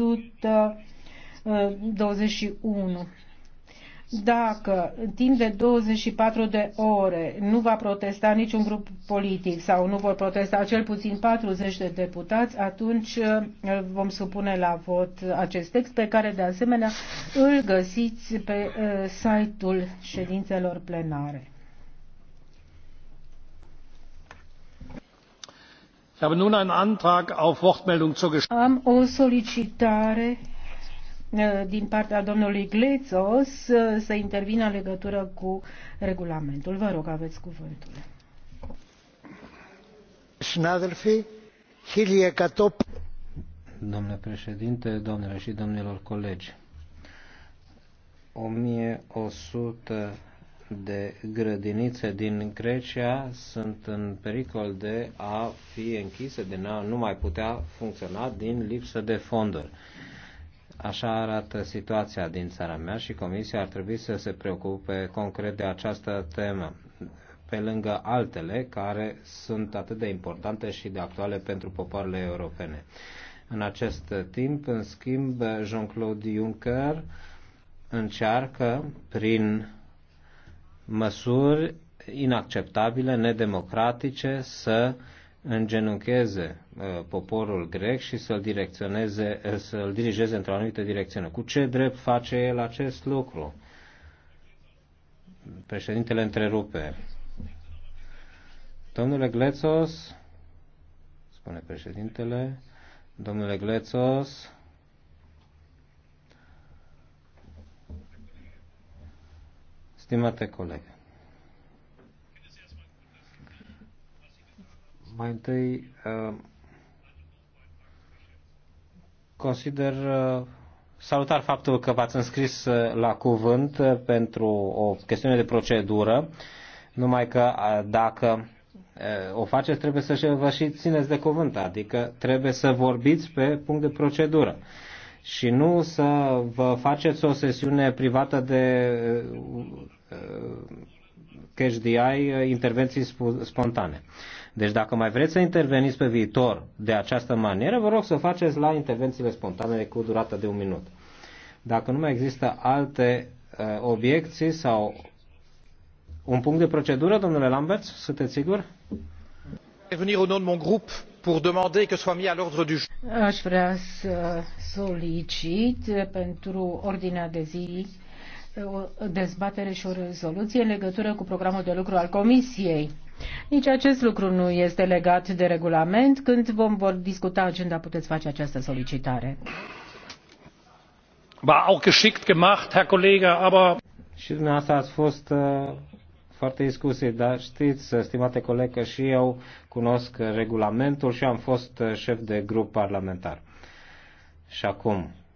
121. Uh, Dacă în timp de 24 de ore nu va protesta niciun grup politic sau nu vor protesta cel puțin 40 de deputați, atunci uh, vom supune la vot acest text pe care de asemenea îl găsiți pe uh, site-ul ședințelor plenare. Am o solicitare uh, din partea domnului Glețos uh, să intervină în legătură cu regulamentul. Vă rog, aveți cuvântul. Domnule președinte, domnilor și domnilor colegi, 1100 de grădinițe din Grecia sunt în pericol de a fi închise, de a nu mai putea funcționa din lipsă de fonduri. Așa arată situația din țara mea și Comisia ar trebui să se preocupe concret de această temă, pe lângă altele care sunt atât de importante și de actuale pentru popoarele europene. În acest timp, în schimb, Jean-Claude Juncker încearcă prin măsuri inacceptabile, nedemocratice, să îngenuncheze uh, poporul grec și să-l direcționeze, uh, să-l dirigeze într-o anumită direcțiune. Cu ce drept face el acest lucru? Președintele întrerupe. Domnule Glețos, spune președintele, domnule Glețos, Stimate coleg, mai întâi uh, consider uh, salutar faptul că v-ați înscris uh, la cuvânt pentru o chestiune de procedură, numai că dacă o faceți, trebuie să vă și țineți de cuvânt, adică trebuie să vorbiți pe punct de procedură și nu să vă faceți o sesiune privată de cash DI uh, intervenții spontane. Deci dacă mai vreți să interveniți pe viitor de această manieră, vă rog să o faceți la intervențiile spontane cu durată de un minut. Dacă nu mai există alte uh, obiecții sau un punct de procedură, domnule Lambert, sunteți sigur? Revenir au nom de mon grup pour demander que soit mis à l'ordre du jour. Aș vrea să solicit pentru ordinea de zi o dezbatere și o rezoluție în legătură cu programul de lucru al Comisiei. Nici acest lucru nu este legat de regulament. Când vom vor discuta agenda, puteți face această solicitare. War auch geschickt gemacht, Herr Kollege, aber... Și dumneavoastră ați fost uh, foarte discuții, dar știți, uh, stimate coleg, că și eu cunosc regulamentul și am fost uh, șef de grup parlamentar. Și acum,